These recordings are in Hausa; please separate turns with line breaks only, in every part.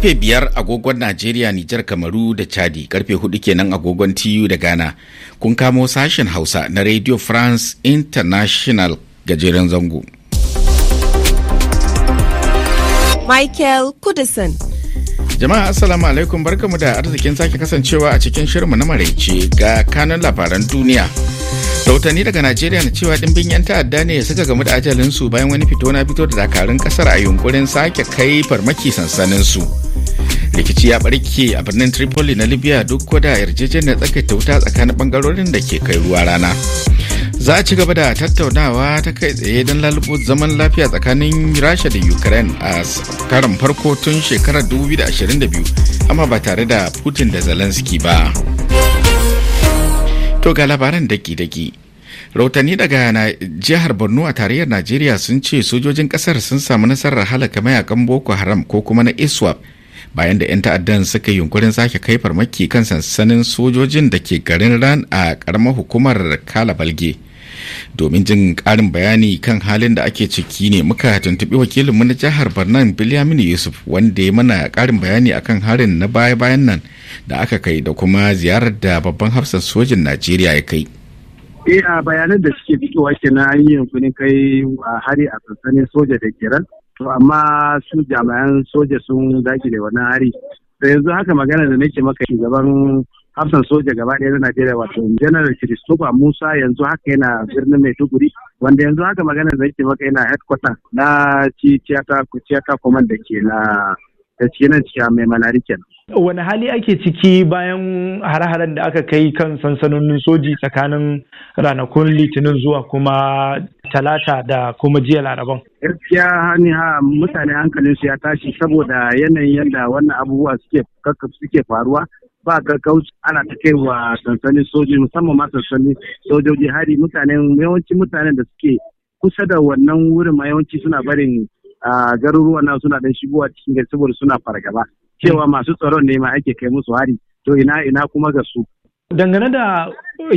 Karfe biyar agogon Najeriya, Nijar, Kamaru da Chadi, karfe hudu kenan agogon TU da Ghana. Kun kamo sashen Hausa na Radio France International gajeren zango.
Michael Kudison.
Jama'a Assalamu alaikum barkamu da arzikin sake kasancewa a cikin shirinmu na maraice ga kanun labaran duniya. Sautani daga najeriya na cewa dimbin yan ta'adda ne suka gamu da ajalinsu bayan wani fito na fito da dakarun ƙasar a yunkurin sake kai farmaki sansaninsu. su rikici ya barke a birnin tripoli na libya duk da yarjejeniyar tsakaita wuta tsakanin bangarorin da ke kai ruwa rana za a ci gaba da tattaunawa ta kai tsaye don lalubo zaman lafiya tsakanin rasha da ukraine a karan farko tun shekarar 2022 amma ba tare da putin da zelensky ba to ga labaran daki-daki rautani daga jihar borno a tarayyar najeriya sun ce sojojin kasar sun samu nasarar halaka mayakan boko haram ko kuma na iswap e bayan da 'yan ta'addan suka yunkurin sake kai farmaki kan sansanin sojojin da ke garin ran a karamar hukumar kala balge domin jin karin bayani kan halin da ake ciki ne muka tuntubi wakilinmu na jihar barnan bilyamin yusuf wanda ya mana karin bayani akan harin na baya-bayan nan da aka kai da kuma ziyarar da babban hafsan sojin najeriya ya kai
e a bayanan da suke fitowa kenan an yi yankunin kai a hari a sansanin soja da kiran to amma su jami'an soja sun daki da wannan hari da yanzu haka magana da nake maka shugaban hafsan soja gaba ɗaya na Najeriya wato General Christopher Musa yanzu haka yana birnin Maiduguri wanda yanzu haka magana da nake maka yana headquarter na Chief ciyata Command da ke na ta cikin nan cikin mai malari kenan. wani hali ake ciki bayan hare-haren da aka kai kan sansanonin soji tsakanin ranakun litinin zuwa kuma talata da kuma jiya laraban gaskiya hani ha mutane hankalin su ya tashi saboda yanayin yadda wannan abubuwa suke faruwa ba gaggauci ana ta kai wa sansanin soji musamman ma sansanin sojoji hari mutane yawanci mutanen da suke kusa da wannan wurin ma yawanci suna barin ah, garuruwa na suna dan shigowa cikin gari saboda suna fargaba cewa masu tsaron ne ma ake kai musu hari to ina ina kuma ga su dangane da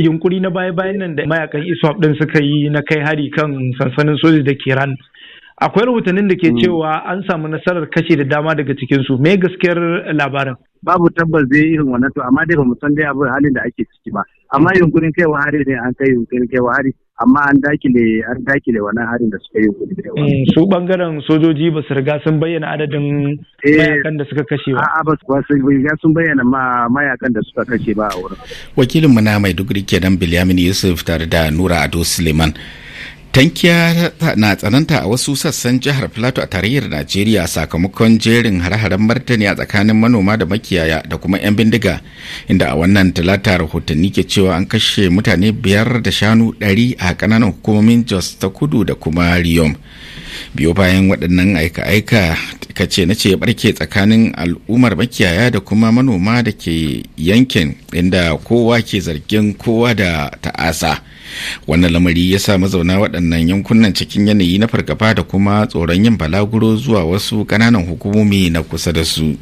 yunkuri na baya-bayan nan da mayakan iswap e din suka yi na kai hari kan sansanin soji da kiran akwai rahotannin da ke hmm. cewa an samu nasarar kashe da dama daga cikin su me gaskiyar labarin babu tabbas zai irin wannan to amma dai ba mu san dai abin halin da ake ciki ba amma yunkurin kaiwa hari ne an kai yunkurin kaiwa hari amma an dakile an dakile wannan harin da suka yi gudu eh, su bangaren sojoji ba su riga sun bayyana adadin eh, mayakan da suka kashe ba a'a ba su riga sun bayyana mayakan da suka kashe ba a wurin
wakilin mu na rike kenan Bilyamin Yusuf tare da Nura Ado Suleiman tankiya na tsananta a wasu sassan jihar plateau a tarayyar najeriya sakamakon jerin hare-haren martani a tsakanin manoma da makiyaya da kuma 'yan bindiga inda a wannan talata rahotanni ke cewa an kashe mutane biyar da shanu ɗari a kananan hukumomin jos ta kudu da kuma riyom biyo bayan waɗannan aika-aika ka ce na ce barke tsakanin al'ummar makiyaya da kuma manoma da ke yankin inda kowa ke zargin kowa da ta'asa wannan lamari ya sa mazauna waɗannan yankunan cikin yanayi na fargaba da kuma tsoron yin balaguro zuwa wasu ƙananan hukumomi na kusa da su.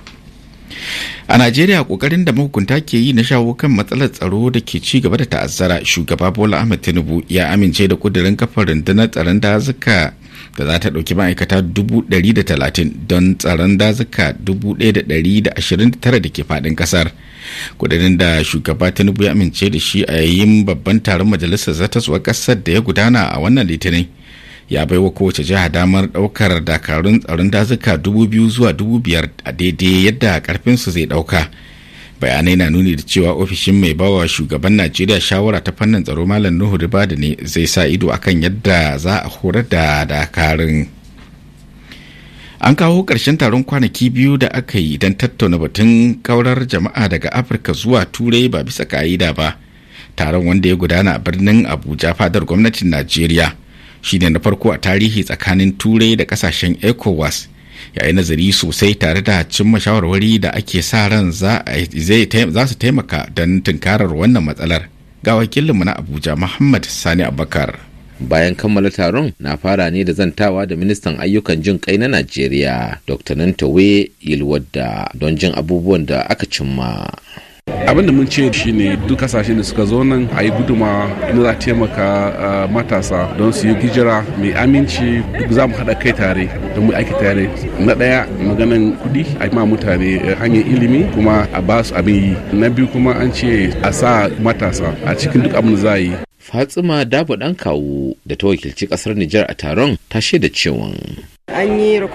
a najeriya kokarin da mahukunta ke yi na shawo kan matsalar tsaro da ke ci gaba da ta'azzara shugaba bola ahmed tinubu ya amince da kudirin kafar rundunar tsaron dazuka da za ta ɗauki ma'aikata 130 don tsaron dazuka 1,129 da ke faɗin ƙasar kudirin da shugaba tinubu ya amince da shi a yayin babban taron majalisar zuwa ƙasar da ya gudana a wannan litinin ya baiwa kowace jiha damar ɗaukar dakarun tsaron dazuka dubu biyu zuwa dubu biyar a daidai yadda karfinsu zai ɗauka bayanai na nuni da cewa ofishin mai bawa shugaban najeriya shawara ta fannin tsaro malam nuhu ribadu ne zai sa ido akan yadda za a horar da dakarun an kawo ƙarshen taron kwanaki biyu da aka yi don tattauna batun kaurar jama'a daga afirka zuwa turai ba bisa ka'ida ba taron wanda ya gudana a birnin abuja fadar gwamnatin najeriya shine na farko a tarihi tsakanin turai da kasashen ecowas ya nazari sosai tare da cimma shawarwari da ake sa ran za su taimaka don tunkarar wannan matsalar ga wakilinmu na abuja
muhammad sani abakar bayan kammala taron na fara ne da zantawa da ministan ayyukan jin kai na najeriya dr nantawe ilwadda don jin abubuwan da
aka cimma abin da mun ce shine duk kasashen da suka zo nan a yi guduma na za taimaka matasa don su yi hijira mai aminci duk za mu haɗa kai tare don mu aiki tare na ɗaya maganan kuɗi a ma mutane eh, hanyar ilimi kuma a ba su abin yi na biyu kuma an ce a sa matasa a cikin duk abin da za a yi
fatsima dabo dan kawo da ta wakilci kasar Nijar a taron tashe da cewan.
an yi mine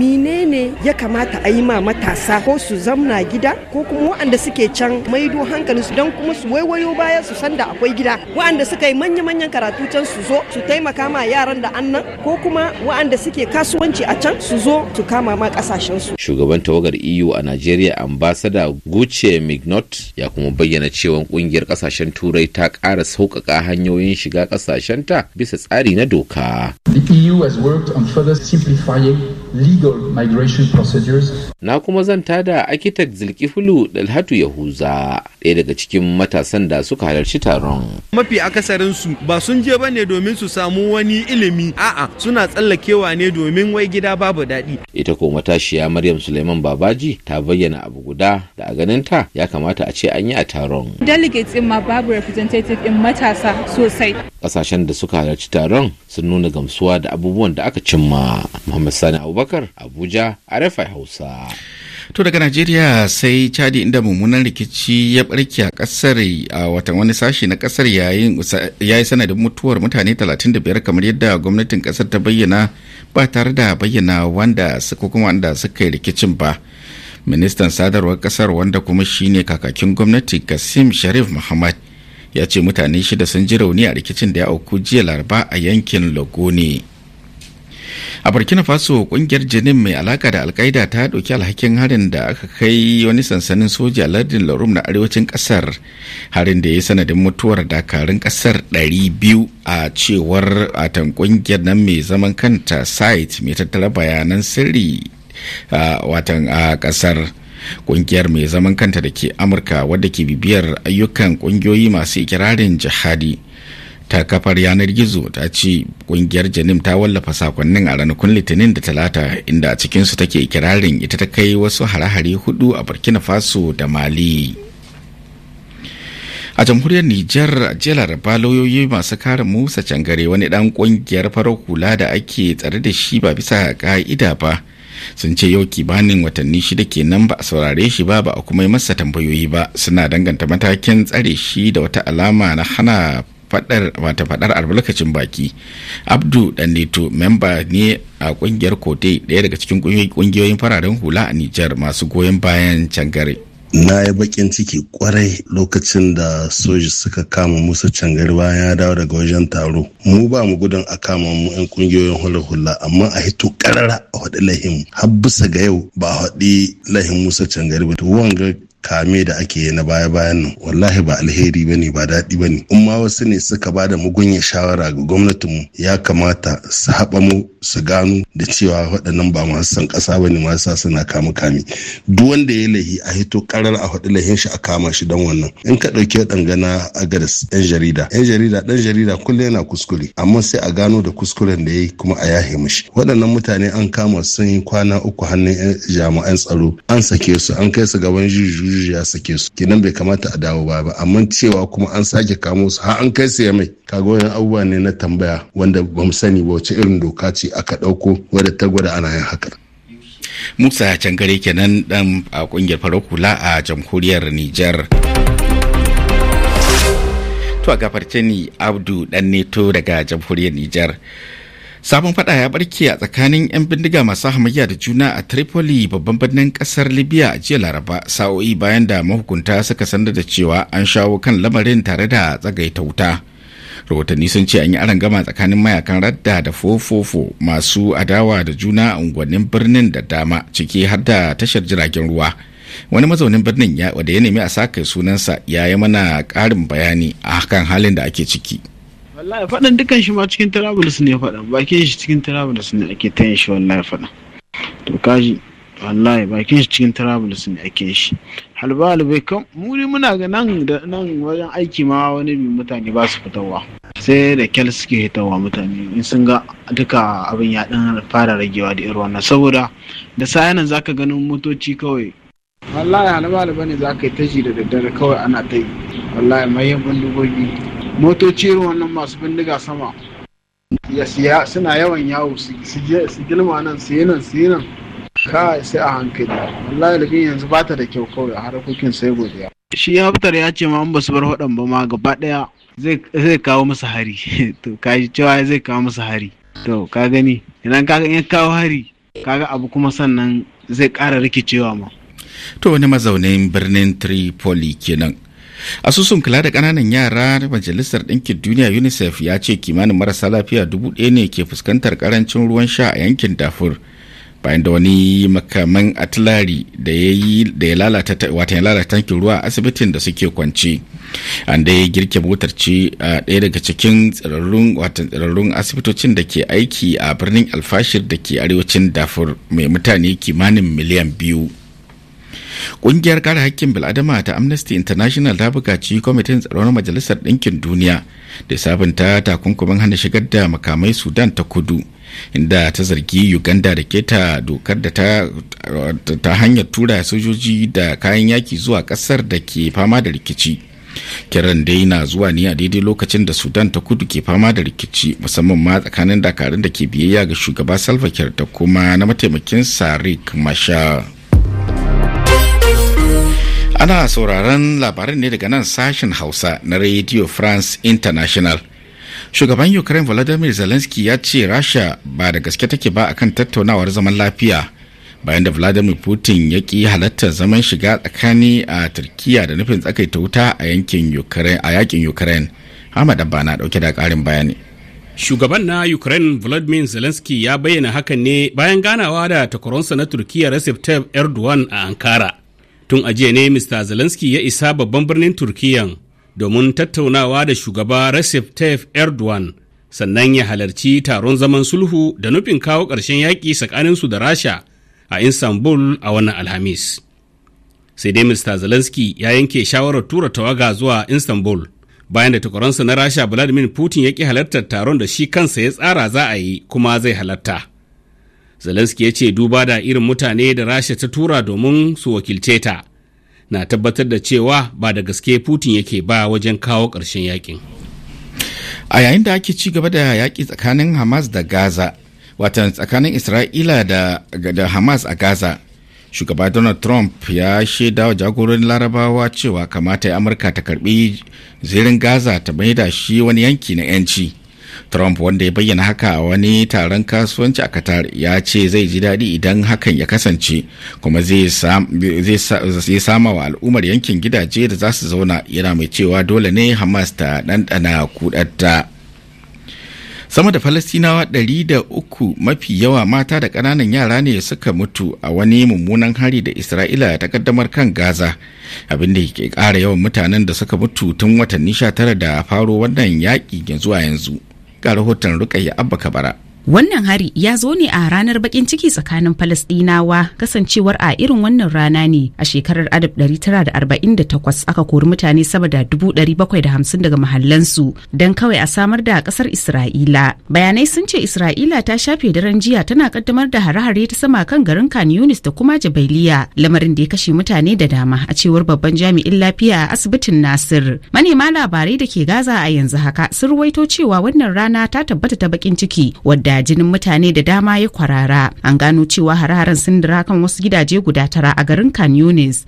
menene ya kamata a yi ma matasa ko su zamna gida ko kuma waɗanda suke can maido hankalin su don kuma su waiwayo baya su san da akwai gida waɗanda suka yi manya-manyan karatu can su zo su taimaka ma yaran da annan ko kuma waɗanda suke kasuwanci a can su zo su kama ma kasashen su
shugaban tawagar EU a Najeriya ambasada Guce Mignot ya kuma bayyana cewa kungiyar kasashen turai ta ƙara sauƙaƙa hanyoyin shiga kasashen ta bisa tsari na doka
The EU has worked on further
simplifying legal migration procedures.
Na kuma zanta da architect Zulkifulu Dalhatu Yahuza ɗaya daga cikin matasan da suka halarci taron.
Mafi akasarin su ba sun je ba ne domin su samu wani ilimi a'a suna tsallakewa ne domin wai gida babu daɗi.
Ita ko matashiya Maryam Suleiman Babaji ta bayyana abu guda da a ganin ta ya kamata a ce an yi a taron.
Delegates in ma babu representative in matasa sosai.
Ƙasashen da suka halarci taron sun nuna gamsuwa da abubuwan da aka cimma. Muhammad Sani Abubakar abubakar abuja a rafai hausa
to daga najeriya sai chadi inda mummunan rikici ya barke a kasar a watan wani sashi na kasar yayin yi sanadin mutuwar mutane 35 kamar yadda gwamnatin kasar ta bayyana ba tare da bayyana wanda ko kuma wanda suka yi rikicin ba ministan sadarwar kasar wanda kuma shine kakakin gwamnati kasim sharif muhammad ya ce mutane shida sun ji rauni a rikicin da ya auku jiya laraba a yankin logoni. a burkina faso kungiyar jinin mai alaka da alkaida ta ɗauki alhakin harin da aka kai wani sansanin soja lardin larum na arewacin ƙasar harin da ya yi sanadin mutuwar dakarun ƙasar 200 a cewar atan kungiyar nan mai zaman kanta site mai tattara bayanan sirri a watan a ƙasar kungiyar mai zaman kanta da ke amurka wadda ke bibiyar ayyukan ƙungiyoyi masu ikirarin jihadi ta kafar yanar gizo ta ce kungiyar janim ta wallafa sakonnin a ranakun litinin da talata inda a cikinsu take kirarin ita ta kai wasu hare-hare hudu a burkina faso da mali a jamhuriyar nijar jiya laraba lauyoyi masu kare musa cangare wani dan kungiyar farar kula da ake tsare da shi ba bisa ka'ida ba sun ce yau kibanin watanni shida kenan ba a saurare shi ba ba a kuma yi masa tambayoyi ba suna danganta matakin tsare shi da wata alama na hana fadar wata fadar albarkacin baki abdu daneto memba ne a kungiyar kote daya daga cikin kungiyoyin fararen hula a nijar masu goyon bayan cangare
na yi bakin ciki kwarai lokacin da soji suka kama musa cangari bayan ya dawo daga wajen taro mu ba mu gudun a kama mu yan kungiyoyin hula-hula amma a hito karara a haɗi lahim har bisa ga yau ba a haɗi lahim musa cangar ba to wanga kame da ake yi na baya-bayan nan wallahi ba alheri bane ba daɗi bane in ma wasu ne suka ba da mugunya shawara ga gwamnatinmu ya kamata su haɓa mu su gano da cewa waɗannan ba masu san ƙasa bane ma sa suna kama kame duk wanda ya lahi a hito karar a faɗi lahin shi a kama shi dan wannan in ka ɗauki waɗangana a garis ɗan jarida ɗan jarida ɗan jarida kullum yana kuskure amma sai a gano da kuskuren da ya yi kuma a yahe mishi waɗannan mutane an kama sun yi kwana uku hannun jami'an tsaro an sake su an kai su gaban juju jujjuya ya sake su kenan bai kamata a dawo ba ba amma cewa kuma an sake kamo su har an kai su mai kaga wani abubuwa ne na tambaya wanda ba mu sani ba wace irin doka ce aka ɗauko wadda ta gwada ana yin haka.
musa cangare kenan dan a kungiyar farakula a jamhuriyar nijar. to a gafarce ni abdu dan neto daga jamhuriyar nijar. sabon fada ya barke a tsakanin 'yan bindiga masu hamayya da juna a tripoli babban birnin kasar libya a jiya laraba sa'o'i bayan da mahukunta suka sanar da cewa an shawo kan lamarin tare da tsagaita wuta rahotanni sun ce an yi gama tsakanin mayakan radda da fofofo masu adawa da juna a unguwannin birnin da dama ciki har da tashar jiragen ruwa wani mazaunin birnin ya wada ya nemi a sa kai sunansa ya yi mana karin bayani a kan halin da ake ciki
wallahi faɗin dukan shi ma cikin Travelers ne faɗin, bakin shi cikin Travelers ne ake ta yin shi wallahi faɗan to kaji wallahi bakin shi cikin Travelers ne ake shi halba halbai kan mu ne muna ga nan da nan wajen aiki ma wani bi mutane ba su fitowa sai da kyal suke hitowa mutane in sun ga duka abin ya dan fara ragewa da irin wannan saboda da nan zaka ganin motoci kawai wallahi halba halbai ne zaka yi tashi da daddare kawai ana ta yi wallahi mai yabon dubobi motoci irin wannan masu bindiga sama ya siya suna yawan yawo su girma nan su yi nan su yi nan kawai sai a hankali wallahi lagin yanzu ba ta da kyau kawai a harkokin sai godiya shi ya fitar ya ce ma an basu bar hudan ba ma gaba daya zai kawo musu hari to ka cewa zai kawo musu hari to ka gani idan ka ya kawo hari kaga abu kuma sannan zai kara rikicewa ma
to wani mazaunin birnin tripoli kenan asusun kula da kananan yara na majalisar ɗinkin duniya unicef ya ce kimanin marasa lafiya dubu ɗaya ne ke fuskantar karancin ruwan sha a yankin dafur bayan da wani makaman atilari da ya yi da ya lalata lalata tankin ruwa a asibitin da suke kwance an da ya girke motar ce a ɗaya daga cikin tsirarrun watan tsirarrun asibitocin da ke aiki a birnin alfashir da ke arewacin dafur mai mutane kimanin miliyan biyu Ƙungiyar kare hakkin bil'adama ta Amnesty International ta buƙaci kwamitin tsaron Majalisar Ɗinkin Duniya da sabunta takunkumin hana shigar da makamai Sudan ta kudu. inda ta zargi uganda da keta dokar da ta, hanyar tura sojoji da kayan yaki zuwa kasar da ke fama da rikici kiran dai na zuwa ne a daidai lokacin da sudan ta kudu ke fama da rikici musamman ma tsakanin dakarun da ke biyayya ga shugaba salva da kuma na mataimakin sarik mashar ana sauraron labarin ne daga nan sashen hausa na radio france international shugaban ukraine volodymyr zelensky ya ce rasha ba da gaske take ba akan tattaunawar zaman lafiya bayan da vladimir putin ya ki halartar zaman shiga tsakani a turkiya da nufin tsakaita wuta a yankin ukraine a yakin ukraine hamad abba na dauke da karin bayani shugaban na ukraine vladimir zelensky ya bayyana hakan
ne bayan ganawa da takwaronsa na turkiya recep tayyip erdogan a ankara tun a jiya ne mr zelensky ya isa babban birnin turkiyan domin tattaunawa da shugaba recep tayyip erdogan sannan ya halarci taron zaman sulhu da nufin kawo ƙarshen
yaƙi tsakaninsu da rasha a istanbul a wannan alhamis sai dai mr zelensky ya yanke shawarar tura tawaga zuwa istanbul bayan da takwaransa na rasha vladimir putin ya ki halartar taron da shi kansa ya tsara za a yi kuma zai halarta zelensky ya ce duba da irin mutane da rasha ta tura domin su wakilce ta na tabbatar da cewa ba da gaske putin yake ba wajen kawo ƙarshen yakin a yayin da ake ci gaba da yaƙi tsakanin hamas da gaza watan tsakanin isra'ila da, da hamas a gaza shugaba donald trump ya shaida wa jagororin larabawa cewa kamata ya amurka ta karbi zirin gaza ta da shi wani yanki na 'yanci trump wanda ya bayyana haka a wani taron kasuwanci a qatar ya ce zai ji daɗi idan hakan ya kasance kuma zai sama wa al'ummar yankin gidaje da za su zauna yana mai cewa dole ne hamas ta ɗanɗana kudatta sama da falastinawa ɗari da uku mafi yawa mata da ƙananan yara ne suka mutu a wani mummunan hari da isra'ila ta kaddamar kan gaza abinda ke ƙara yawan mutanen da suka mutu tun watanni 19 da faro wannan yaƙi zuwa yanzu ga rahoton rukayya abba kabara
Wannan hari ya zo ne a ranar bakin ciki tsakanin Falasɗinawa kasancewar a irin wannan rana ne a shekarar 1948 aka kori mutane sama da 750 daga mahallansu don kawai a samar da ƙasar Isra'ila. Bayanai sun ce Isra'ila ta shafe daren jiya tana kaddamar da hare-hare ta sama kan garin Khan Yunis da kuma Jabailiya lamarin da ya kashe mutane da dama a cewar babban jami'in lafiya a asibitin Nasir. Manema labarai da ke Gaza a yanzu haka sun ruwaito cewa wannan rana ta tabbata ta bakin ciki wadda da jinin mutane da dama ya kwarara an gano cewa hare sun dira kan wasu gidaje guda tara a garin Khan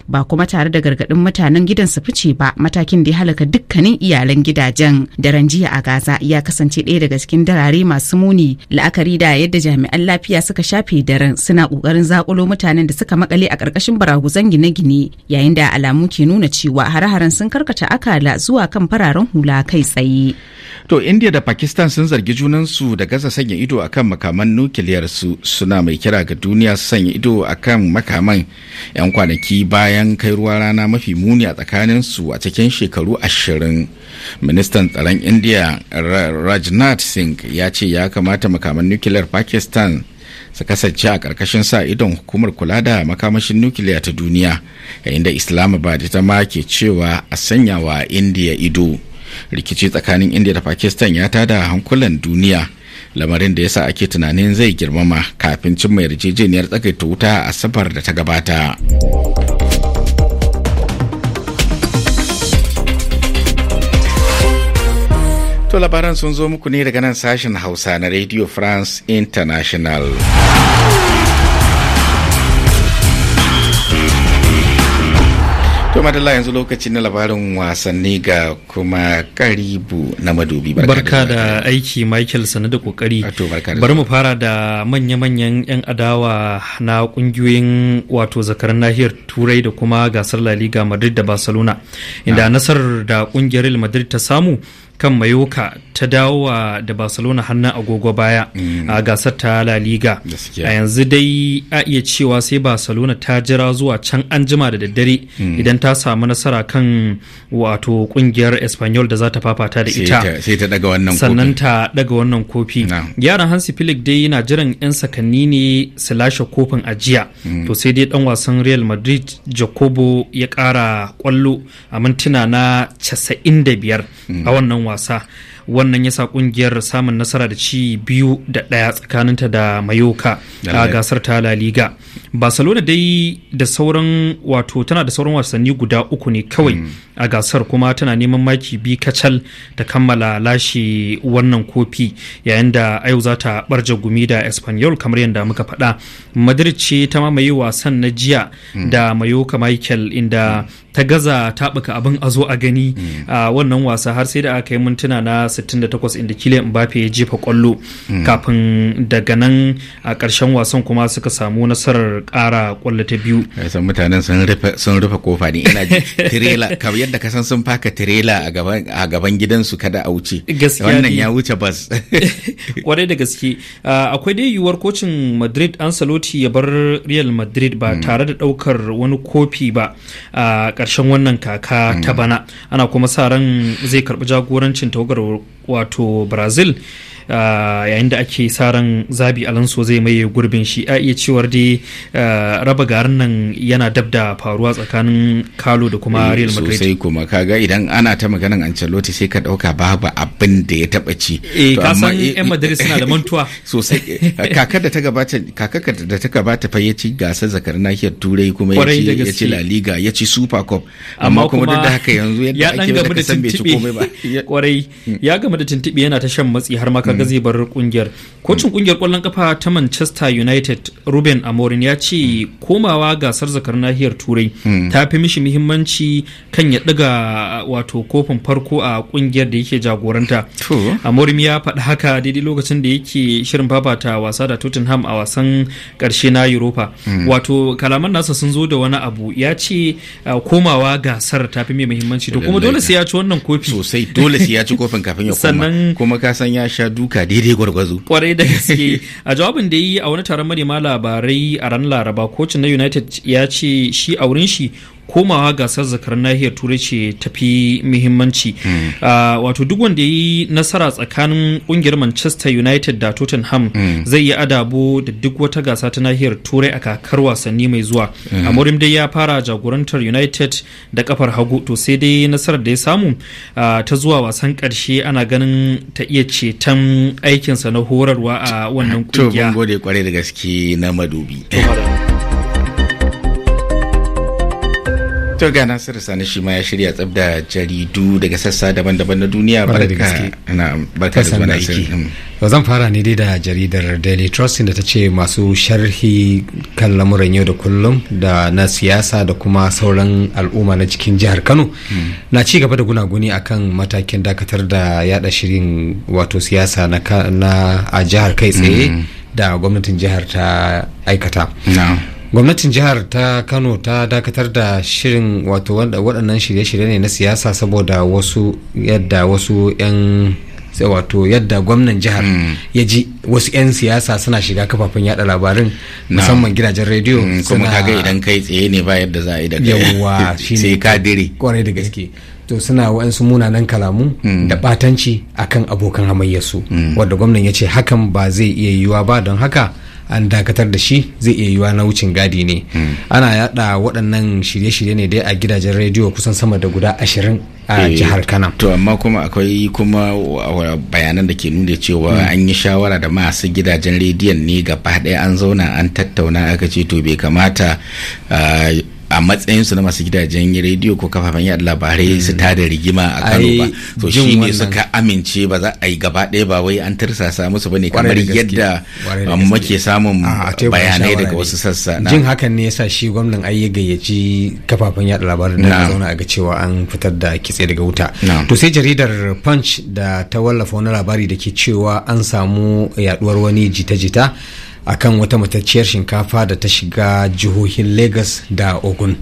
ba kuma tare da gargadin mutanen gidan su fice ba matakin da ya halaka dukkanin iyalan gidajen daren jiya a Gaza ya kasance ɗaya daga cikin darare masu muni la'akari da yadda jami'an lafiya suka shafe daren suna ƙoƙarin zakulo mutanen da suka makale a ƙarƙashin baraguzan gine-gine yayin da alamu ke nuna cewa hare-haren sun karkata akala zuwa kan fararen hula kai tsaye.
To India da Pakistan sun zargi junansu da gaza sanya ido ido akan makaman nukiliyar su suna mai kira ga duniya su sanya ido a kan makaman 'yan kwanaki bayan kai ruwa rana mafi muni a tsakanin su a cikin shekaru ashirin ministan tsaron india rajnath singh ya ce ya kamata makaman nukiliyar pakistan su kasance a karkashin sa idon hukumar kula da makamashin nukiliya ta duniya yayin da islamabad ta ma ke cewa a sanyawa indiya ido rikici tsakanin india da pakistan ya tada hankulan duniya lamarin da yasa ake tunanin zai girmama kafin cimma yarjejeniyar tsakaita wuta a asabar da ta gabata To labaran sun zo muku ne daga nan sashen Hausa na Radio France International. To madalla yanzu lokaci na labarin wasanni ga kuma karibu na madubi
barka da aiki Michael sanu da kokari bari mu fara da manya-manyan 'yan adawa na kungiyoyin wato zakarar nahiyar turai da kuma gasar La Liga Madrid da Barcelona inda nasarar da kungiyar Real Madrid ta samu kan mayoka ta dawo da barcelona hannun agogo baya mm. a gasar ta la liga a yanzu dai a iya cewa sai barcelona ta jira zuwa can an jima da daddare mm. idan ta samu nasara kan wato kungiyar espanyol da za ta fafata da ita sannan ta daga wannan kofi yaran hansi filik dai yana jiran 'yan sakanni ne su lashe kofin ajiya mm. to sai dai dan wasan real madrid jacobo ya kara kwallo a mintuna na 95 a wannan um wasa wannan ya sa kungiyar samun nasara da ci biyu da ɗaya tsakaninta da mayoka a gasar ta la liga barcelona dai da sauran wato tana da sauran wasanni guda uku ne kawai hmm. a gasar kuma tana neman maki bi kacal ta kammala lashe wannan kofi yayin da yau za ta barja gumi da espanyol kamar yadda muka faɗa madrid ce ta mamaye wasan na jiya hmm. da mayoka michael inda hmm. ta gaza taɓuka abin a zo a gani wannan wasa har sai da aka yi mintuna na 68 inda kile Mbappe ya jefa kwallo kafin daga nan a ƙarshen wasan kuma suka samu nasarar ƙara kwallo ta biyu
san mutanen sun rufe kofa ne ina tirela kamar yadda ka san sun faka tirela a gaban gidansu kada a wuce wannan ya wuce bas
kwarai da gaske akwai dai yiwuwar kocin Madrid Ancelotti ya bar Real Madrid ba mm. tare da ɗaukar wani kofi ba a ƙarshen wannan kaka ta mm. bana ana kuma sa ran zai karɓi jagorancin tawagar wato brazil uh, yayin da ake saran zabi alonso zai maye gurbin shi a iya cewar dai uh, raba garin nan yana dab da faruwa tsakanin kalo da kuma eh, real madrid sosai
kuma kaga idan ana ta maganan ancelotti sai ka dauka babu abin da ya taba ci eh ka san yan madrid suna da
mantuwa sosai
kakar da ta gabata kakar da ta gabata fa gasar zakar nahiyar turai kuma yaci yaci la liga yaci super cup
amma kuma duk da haka yanzu yadda ake san bai ci komai ba kwarai ya ya gama da tuntuɓe yana ta shan matsi har maka kaga mm. bar kungiyar kocin kungiyar mm. kwallon kafa ta Manchester United Ruben Amorim ya ce komawa gasar zakar nahiyar Turai mm. ta fi mishi muhimmanci kan ya ɗiga wato kofin farko a kungiyar da yake jagoranta Amorim ya faɗi haka daidai lokacin da yake shirin fafata wasa da Tottenham a wasan ƙarshe na Europa wato kalaman nasa sun zo da wani abu ya ce komawa gasar ta fi mai muhimmanci to kuma dole sai
ya ci wannan kofi sosai dole sai ya ci kofin kafin kuma sannan kuma ka san ya sha duka daidai gwargwazo
kwarai da gaske a jawabin da yi a wani taron manema labarai a ran laraba kocin na united ya ce shi a wurin shi komawa gasar zakar nahiyar turai ce tafi muhimmanci hmm. ah, wato duk wanda ya yi nasara tsakanin kungiyar manchester united da tottenham hmm. zai yi adabo da duk wata gasa ta nahiyar turai a kakar wasanni mai zuwa hmm. amurim dai ya fara jagorantar united da kafar hagu to sai dai nasarar da ya samu ah, ta zuwa wasan karshe ana ganin ta iya cetan aikinsa na horarwa a wannan kungiya to
bangode kwarai da gaske na madubi to ga nasiru sani shi ma ya shirya tsab da jaridu daga sassa daban-daban na duniya barka
barka da zuwa nasiru mm. to zan fara ne dai da jaridar daily trust da ta ce masu sharhi kan lamuran yau da kullum da na siyasa da kuma sauran al'umma na cikin jihar kano mm. na ci gaba da gunaguni kan matakin dakatar da yada shirin wato siyasa na a jihar kai tsaye mm. da gwamnatin jihar ta aikata gwamnatin jihar ta kano ta dakatar da shirin wato waɗannan shirye-shirye ne na siyasa saboda wasu yadda wasu 'yan wato yadda gwamnan jihar mm. ya ji wasu 'yan siyasa suna shiga kafafen yada labarin
musamman gidajen rediyo mm, kuma kaga idan kai tsaye ne ba yadda za a yi da yawa shi ne kadiri
kwarai da gaske to suna wa'ansu munanan kalamu mm. da batanci akan abokan hamayyarsu wadda gwamnan ya ce hakan ba zai iya yiwuwa ba don haka an dakatar da shi zai iya yiwa na wucin gadi ne hmm. ana yada waɗannan shirye-shirye ne dai a gidajen rediyo kusan sama da guda ashirin
a eh, jihar kana to amma kuma akwai kuma bayanan da ke nuna cewa hmm. an yi shawara da masu gidajen rediyon ne gaba ɗaya an zauna an tattauna aka ce to bai kamata ah, a matsayin su na masu gidajen rediyo ko kafafen yada labarai mm. su ta da rigima a kano ba so shi suka amince ba za a yi gaba ɗaya ba wai an tirsasa musu ba ne kamar yadda um, muke samun bayanai daga wasu sassa jin
hakan ne yasa shi gwamnan ai ya gayyaci kafafen yada labarai da zauna a ga cewa an fitar da kitse daga wuta to sai jaridar punch da ta wallafa wani labari da ke cewa an samu yaduwar wani jita-jita akan wata matacciyar shinkafa da ta shiga jihohin Legas da Ogun.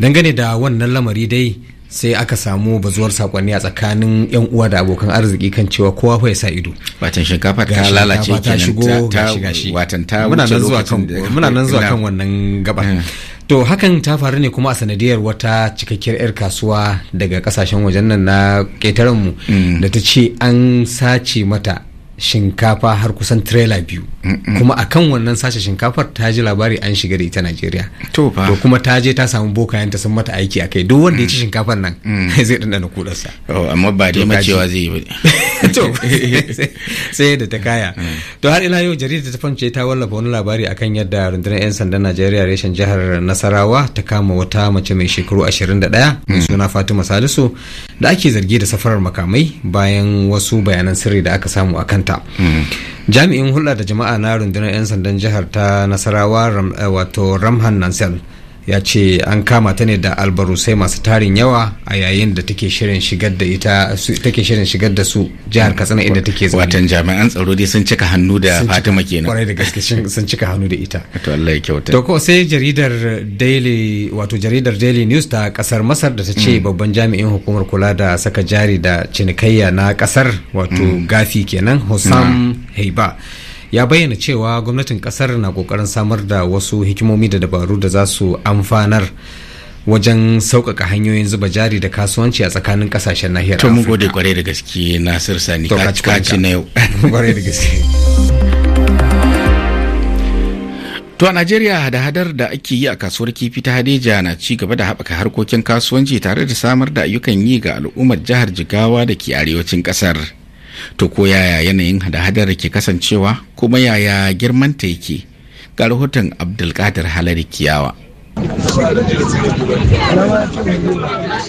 Dangane da wannan lamari dai sai aka samu bazuwar sakonni a tsakanin yan uwa da abokan arziki kan cewa kowa sa ido watan shinkafa ta lalace ta shigo ta
shiga watan ta muna nan
zuwa muna nan zuwa kan wannan gaba eh. to hakan ta faru ne kuma a sanadiyar wata cikakkiyar yar kasuwa daga kasashen wajen nan na ketaren mu mm. da ta ce an sace mata shinkafa har kusan trela biyu kuma a kan wannan sashe shinkafar ta ji labari an shiga da ita najeriya to kuma ta je ta samu bokayen ta sun mata aiki akai duk wanda ya ci mm. shinkafar nan mm. zai dandana kudarsa
oh, amma ba dai macewa zai yi ba
to sai da ta kaya mm. to har ila yau jarida ta fance ta wallafa wani labari akan yadda rundunar yan sandan najeriya reshen jihar nasarawa ta kama wata mace mai shekaru ashirin 21 mai suna fatima salisu da ake zargi da safarar makamai bayan wasu bayanan sirri da aka samu akan makaranta jami'in hulɗa da jama'a na rundunar 'yan sandan jihar ta nasarawa eh, wato ramhan nansel ya ce an kama ta ne da albarusai masu tarin yawa a yayin da take shirin shigar da ita take shirin shigar da su jihar
katsina inda take zaune watan jami'an tsaro dai sun cika hannu da fatima kenan kwarai da gaske sun cika hannu da ita to Allah ya kyauta to
ko sai jaridar daily wato jaridar daily news ta kasar masar da ta ce mm. babban jami'in hukumar kula da saka jari da cinikayya na kasar wato mm. gafi kenan husam mm. haiba ya bayyana cewa gwamnatin kasar na kokarin samar da wasu hikimomi da dabaru da za su amfanar wajen sauƙaƙa hanyoyin zuba jari da kasuwanci a tsakanin kasashen nahiyar afirka.
gode kwarai da gaske nasir sani kaci na yau kwarai da gaske To a Najeriya hada-hadar da ake yi a kasuwar kifi ta Hadeja na ci gaba da haɓaka harkokin kasuwanci tare da samar da ayyukan yi ga al'ummar jihar Jigawa da ke arewacin ƙasar. to ko yaya yanayin hada-hadar ke kasancewa kuma yaya girmanta yake
ga rahoton abdulkadir halari kiyawa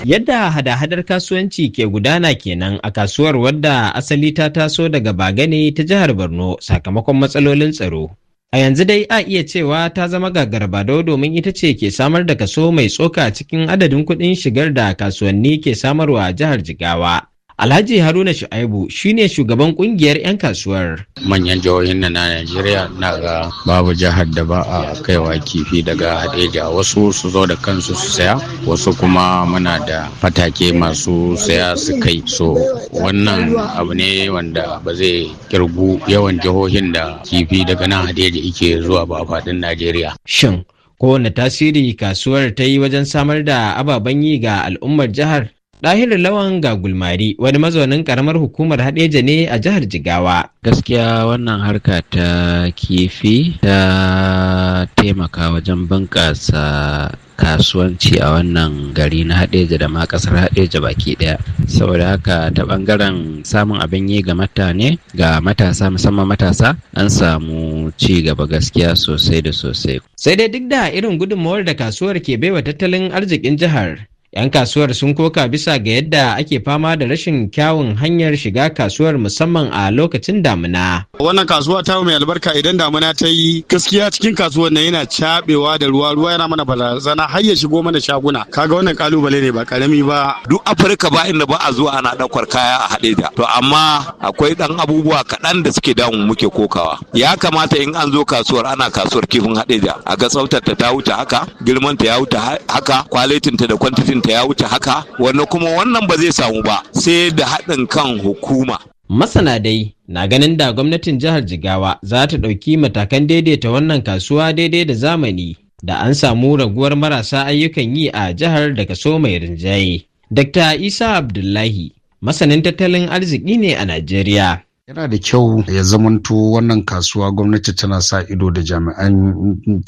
Yadda hada-hadar kasuwanci ke gudana kenan a kasuwar wadda asali ta taso daga Bagane ta jihar Borno sakamakon matsalolin tsaro. A yanzu dai a iya cewa ta zama gagarabado domin ita ce ke samar da kaso mai tsoka cikin adadin kuɗin shigar da kasuwanni ke samarwa jihar Jigawa. Alhaji Haruna Shu'aibu shine shugaban kungiyar 'yan kasuwar.
Manyan jihohin na Najeriya na ga babu jihar da ba a kaiwa kifi daga Hadeja wasu su zo da kansu su saya wasu kuma muna da fatake masu saya su kai so wannan abu ne wanda ba zai kirgu yawan jihohin da kifi daga nan Hadeja ike zuwa ba a faɗin Najeriya.
Shin kowane tasiri kasuwar ta yi wajen samar da ababen yi ga al'ummar jihar? Ɗahir Lawan ga Gulmari wani mazaunin karamar hukumar haɗeja ne a jihar Jigawa. Gaskiya wannan harka ta kifi ta taimaka wajen bunƙasa kasuwanci a wannan gari na haɗeja da ma ƙasar haɗeja baki ɗaya saboda haka ta ɓangaren samun abin yi ga mutane ga matasa musamman matasa an samu ci gaba gaskiya sosai da sosai sai dai duk da irin gudunmawar da kasuwar ke baiwa tattalin arzikin jihar 'Yan kasuwar sun koka bisa ga yadda ake fama da rashin kyawun hanyar shiga kasuwar musamman a lokacin damuna.
Wannan kasuwa ta mai albarka idan damuna ta yi gaskiya cikin kasuwar na yana cabewa da ruwa ruwa yana mana balazana har ya shigo mana shaguna. Kaga wannan kalubale ne ba karami ba.
Duk Afirka ba inda ba a zuwa ana daukar kaya a haɗe da. To amma akwai dan abubuwa kaɗan da suke damun muke kokawa. Ya kamata in an zo kasuwar ana kasuwar kifin haɗe da. A ga tsautar ta wuce haka, girman ta ya wuce haka, kwalitin ta da kwantitin ta ya wuce haka wanda kuma wannan ba zai samu ba sai da haɗin kan hukuma
masana dai na ganin da gwamnatin jihar jigawa za ta ɗauki matakan daidaita wannan kasuwa daidai da zamani da an samu raguwar marasa ayyukan yi a jihar daga so mai rinjaye dr isa abdullahi masanin tattalin arziki ne a najeriya
Yana da kyau ya zamanto wannan kasuwa gwamnati tana sa ido da jami'an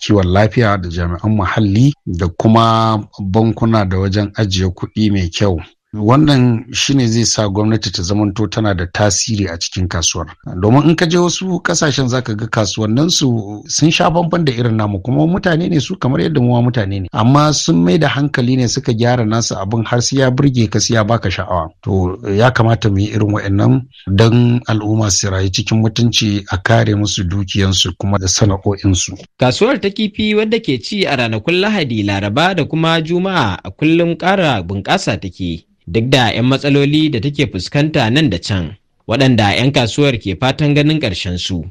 kiwon lafiya da jami'an muhalli da kuma bankuna da wajen ajiye kuɗi mai kyau. wannan shine zai sa gwamnati ta zamanto tana da tasiri a cikin kasuwar domin in ka je wasu kasashen zaka ga kasuwannin su sun sha bamban da irin namu kuma mutane ne su kamar yadda muwa mutane ne amma sun mai da hankali ne suka gyara nasu abin har sai ya burge ka sai ya baka sha'awa to ya kamata mu yi irin wa'annan dan al'umma su rayu cikin mutunci a kare musu dukiyansu kuma da sana'o'insu
kasuwar ta kifi wadda ke ci a ranakun lahadi laraba da kuma juma'a a kullum Kara bunƙasa take duk da 'yan matsaloli da take fuskanta nan da can waɗanda 'yan kasuwar ke fatan ganin ƙarshen su.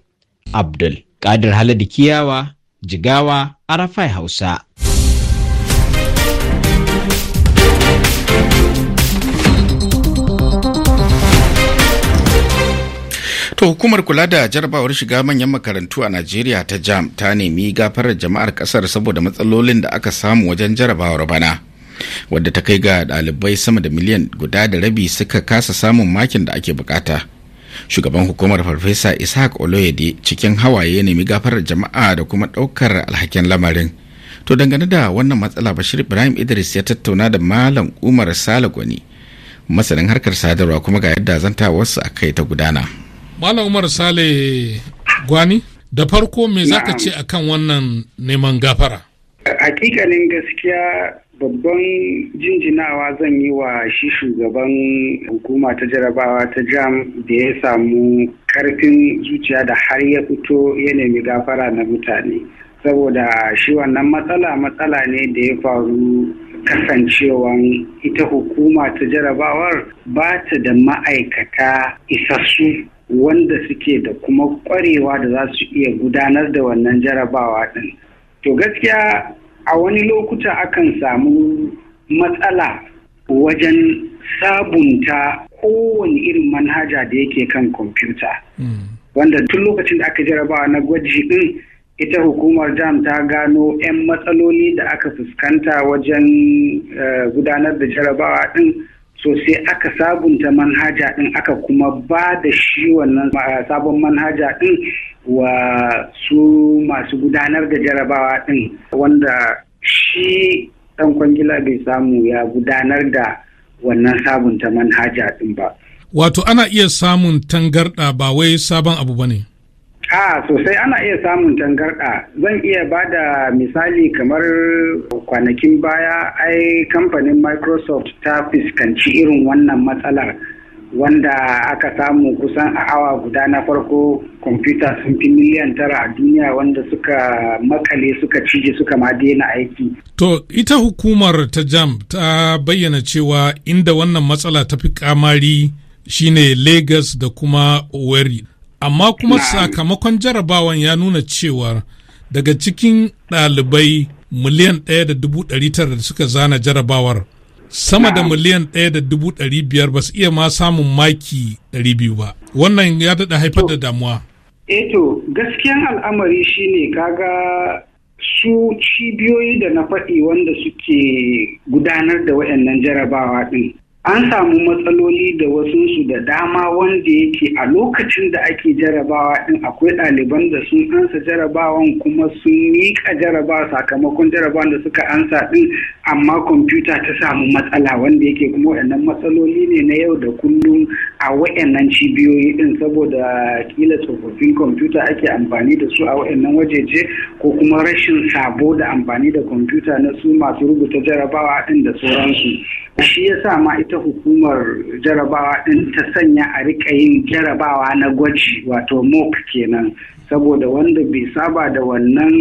Abdul Kadir Haladu Kiyawa, Jigawa, Arafai Hausa.
To hukumar kula da jarabawar shiga manyan makarantu a Najeriya ta JAM ta nemi gafarar jama'ar kasar saboda matsalolin da aka samu wajen jarabawar bana. wadda ta kai ga dalibai sama da miliyan guda da rabi suka kasa samun makin da ake bukata shugaban hukumar farfesa ishaq oloyede cikin hawaye nemi gafarar jama'a da kuma daukar alhakin lamarin to dangane da wannan matsala bashir ibrahim idris ya tattauna da malam umar salagwani masanin harkar sadarwa kuma ga yadda wasu a kai ta gudana
malam umar sale gwani da farko me zaka ce akan wannan neman gafara
Hakikanin gaskiya babban jinjinawa zan yi wa shi shugaban hukuma ta jarabawa ta jam da ya samu karfin zuciya da har ya fito ya nemi gafara na mutane saboda shi wannan matsala matsala ne da ya faru kasancewan ita hukuma ta jarabawar ba ta da ma'aikata isassu wanda suke da kuma kwarewa da za su iya gudanar da wannan jarabawa din to gaskiya a wani lokuta akan samu matsala wajen sabunta kowane irin manhaja da yake kan kwamfuta hmm. wanda tun lokacin da aka jarabawa na gwaji din ita hukumar jam ta gano 'yan matsaloli da aka fuskanta wajen eh, gudanar da jarabawa din so sai aka sabunta manhaja ɗin aka kuma ba da shi wannan sabon manhaja ɗin wa su masu gudanar da jarabawa ɗin, wanda shi ɗan kwangila bai samu ya gudanar da wannan sabunta manhaja ɗin ba
wato ana iya samun tangarɗa ba wai sabon abu ba ne.
A sosai ana iya samun tangarɗa. Zan iya ba da misali kamar kwanakin baya ai kamfanin Microsoft ta fuskanci irin wannan matsalar wanda aka samu kusan a awa guda na farko kwamfuta sun fi miliyan tara a duniya wanda suka makale suka cije suka ma daina aiki.
To ita hukumar ta jam ta bayyana cewa inda wannan matsala ta fi kamari shine Lagos da kuma Owerri. amma kuma sakamakon jarabawan ya nuna cewa daga cikin ɗalibai miliyan ɗaya da dubu ɗari tara da suka zana jarabawar sama da miliyan ɗaya da dubu ɗari biyar ba su iya ma samun maki ɗari biyu ba wannan ya daɗa haifar da damuwa
eto eh gaskiyan al'amari shine kaga su cibiyoyi da na faɗi wanda suke gudanar da waɗannan jarabawa ɗin an samu matsaloli da wasunsu da dama wanda yake a lokacin da ake jarabawa din akwai ɗaliban da sun ansa jarabawan kuma sun miƙa jarabawa sakamakon jarabawan da suka ansa din amma kwamfuta ta samu matsala wanda yake kuma waɗannan matsaloli ne na yau da kullum a waɗannan cibiyoyi din saboda kila tsofaffin kwamfuta ake amfani da su a waɗannan wajeje ko kuma rashin sabo da amfani da kwamfuta na su masu rubuta jarabawa din da sauransu shi ya sa ma ita hukumar jarabawa ɗin ta sanya a rika yin jarabawa na gwaji wato Mok kenan saboda wanda bai saba da wannan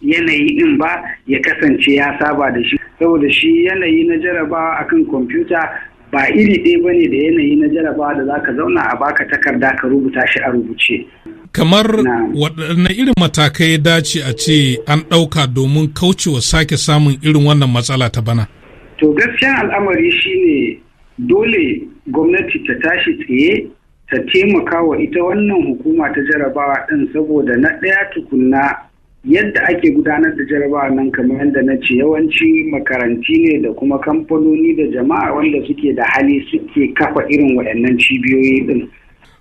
yanayi ɗin ba ya kasance ya saba da shi saboda shi yanayi na jarabawa akan kwamfuta ba iri ɗaya ba ne da yanayi na jarabawa da za ka zauna a baka takarda ka rubuta shi a rubuce
kamar waɗanne irin matakai dace a ce an ɗauka domin kaucewa sake samun irin wannan matsala ta bana
to gaskiyan al'amari shine dole gwamnati ta tashi tsaye ta taimaka wa ita wannan hukuma ta jarabawa ɗin saboda na ɗaya tukunna yadda ake gudanar da jarabawa nan kamar yadda na ce yawanci makaranti ne da kuma kamfanoni da jama'a wanda suke da hali suke kafa irin waɗannan cibiyoyi ɗin.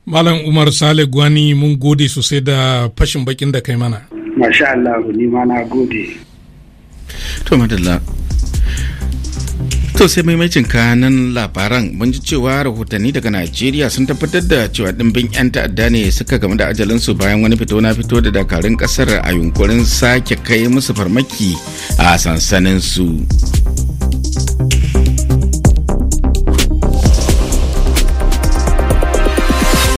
Malam Umar Sale Gwani mun gode sosai da fashin bakin da kai mana.
Masha Allah, ni ma na gode.
To
madalla
to sai maimacin kanan labaran mun ji cewa rahotanni daga najeriya sun tabbatar da cewa dimbin 'yan ta'adda ne suka game da ajalinsu bayan wani fito na fito da dakarun kasar a yunkurin sake kai musu farmaki a sansaninsu. su